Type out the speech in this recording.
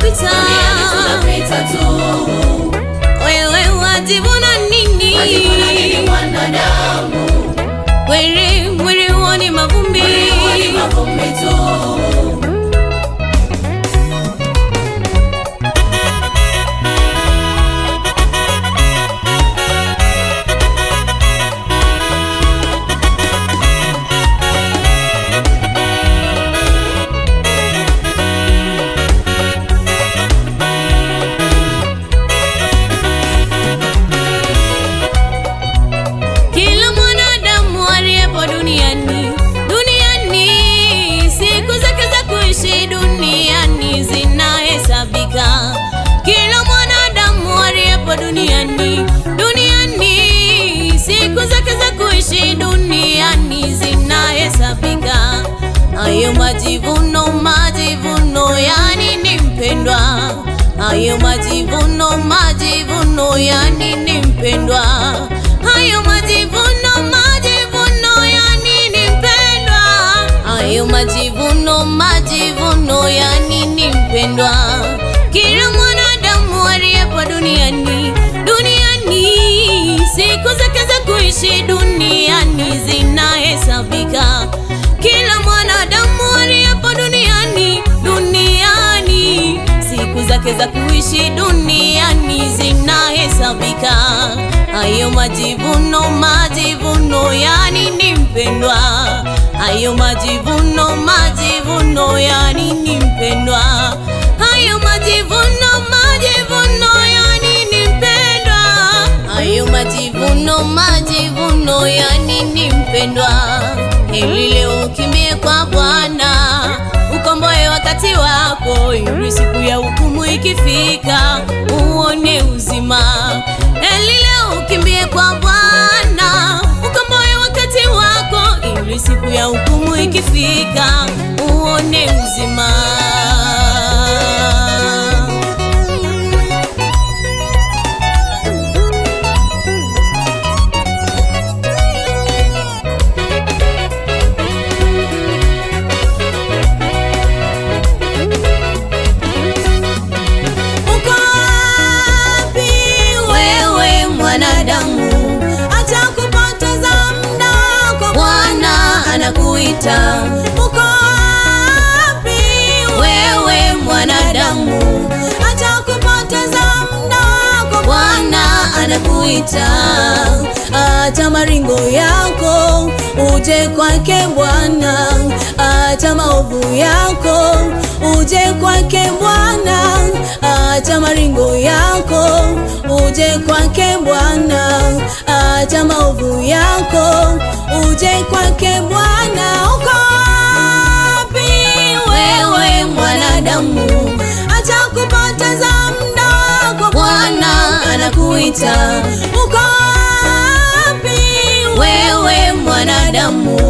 zinapita, zinapita tu. Wewe wajivuna nini? Wajivuna nini mwanadamu? mwili woni mavumbi, mavumbi tu hayo majivuno, majivuno ya nini mpendwa? Hayo majivuno, majivuno ya nini mpendwa? Hayo majivuno, majivuno ya nini mpendwa? Kila mwanadamu aliyepo duniani, duniani, siku zake za kuishi duniani zinahesabika. Kila mwanadamu aliyepo duniani, duniani, siku zake za kuishi duniani zinahesabika. Hayo majivuno, majivuno ya nini mpendwa? Hayo majivuno, majivuno ya nini mpendwa? Hayo majivuno, majivuno ya nini mpendwa? Hayo majivuno, majivuno ya nini mpendwa? Heri leo ukimbie kwa Bwana ukomboe wakati wako, yuri siku ya ikifika uone uzima. elile leo ukimbie kwa Bwana ukomboe wakati wako, ili siku ya hukumu ikifika uone uzima. kupata. Uko wapi wewe mwanadamu? hata Atakupoteza muda wako, Bwana anakuita. hata maringo yako uje kwake Bwana, hata maovu yako uje kwake Bwana, hata maringo yako uje kwake Bwana, acha maovu yako, uje kwake Bwana. Uko wapi wewe mwanadamu? Acha kupoteza muda wako, Bwana anakuita. Uko wapi wewe mwanadamu?